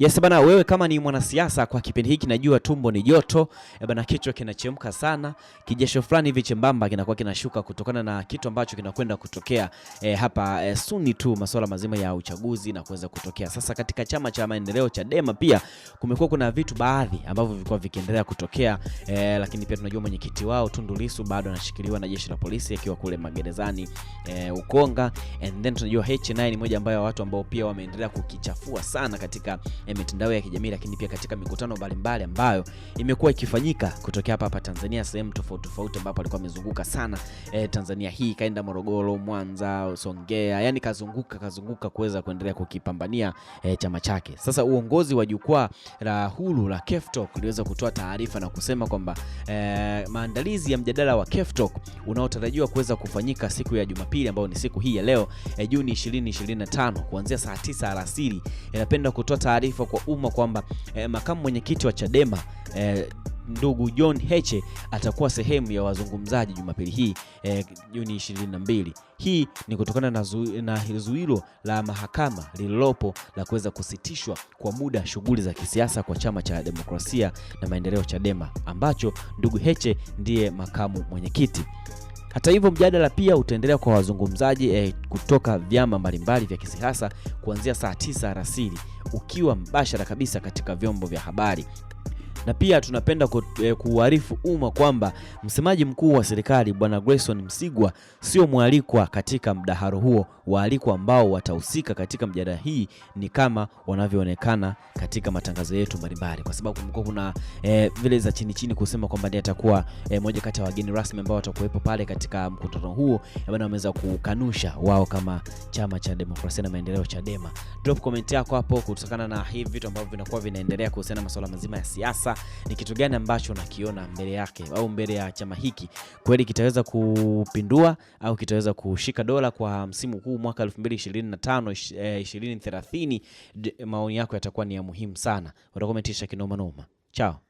Yes bana, wewe kama ni mwanasiasa kwa kipindi hiki, najua tumbo ni joto eh, bana, kichwa kinachemka sana, kijesho fulani hivi chembamba kinakuwa kinashuka kutokana na kitu ambacho kinakwenda kutokea e, hapa e, eh, suni tu masuala mazima ya uchaguzi na kuweza kutokea sasa. Katika chama cha maendeleo Chadema pia kumekuwa kuna vitu baadhi ambavyo vilikuwa vikiendelea kutokea e, lakini pia tunajua mwenyekiti wao Tundu Lissu bado anashikiliwa na jeshi la polisi akiwa kule magerezani e, Ukonga, and then tunajua H9 moja ambayo watu ambao pia wameendelea kukichafua sana katika e, mitandao ya kijamii, lakini pia katika mikutano mbalimbali ambayo imekuwa ikifanyika kutokea hapa hapa Tanzania sehemu tofauti tofauti, ambapo alikuwa amezunguka sana e, Tanzania hii, kaenda Morogoro, Mwanza, Songea, yani kazunguka kazunguka kuweza kuendelea kukipambania e, chama chake. Sasa uongozi wa jukwaa la huru la KEFTOK uliweza kutoa taarifa na kusema kwamba e, maandalizi ya mjadala wa KEFTOK unaotarajiwa kuweza kufanyika siku ya Jumapili ambayo ni siku hii ya leo e, Juni 2025 kuanzia saa 9 alasiri inapenda e, kutoa taarifa taarifa kwa umma kwamba eh, makamu mwenyekiti wa Chadema eh, ndugu John Heche atakuwa sehemu ya wazungumzaji Jumapili hii eh, Juni 22. Hii ni kutokana na, zu, na zuilo la mahakama lililopo la kuweza kusitishwa kwa muda shughuli za kisiasa kwa chama cha demokrasia na maendeleo Chadema ambacho ndugu Heche ndiye makamu mwenyekiti. Hata hivyo mjadala pia utaendelea kwa wazungumzaji eh, kutoka vyama mbalimbali vya kisiasa kuanzia saa tisa alasiri ukiwa mbashara kabisa katika vyombo vya habari na pia tunapenda kuuarifu eh, umma kwamba msemaji mkuu wa serikali Bwana Grayson Msigwa sio mwalikwa katika mdaharo huo. Waalikwa ambao watahusika katika mjadala hii ni kama wanavyoonekana katika matangazo yetu mbalimbali, kwa sababu kumekuwa kuna e, vile za chini chini kusema kwamba ndiye atakuwa e, moja kati ya wageni rasmi ambao watakuwepo pale katika mkutano huo, bwana wameweza kukanusha wao kama chama cha demokrasia na maendeleo Chadema. Drop comment yako hapo kutokana na hivi vitu ambavyo vinakuwa vinaendelea kuhusiana na masuala mazima ya siasa sasa ni kitu gani ambacho nakiona mbele yake au mbele ya chama hiki kweli kitaweza kupindua au kitaweza kushika dola kwa msimu huu mwaka 2025 2030? Eh, maoni yako yatakuwa ni ya muhimu sana, utakomentisha kinoma noma. Chao.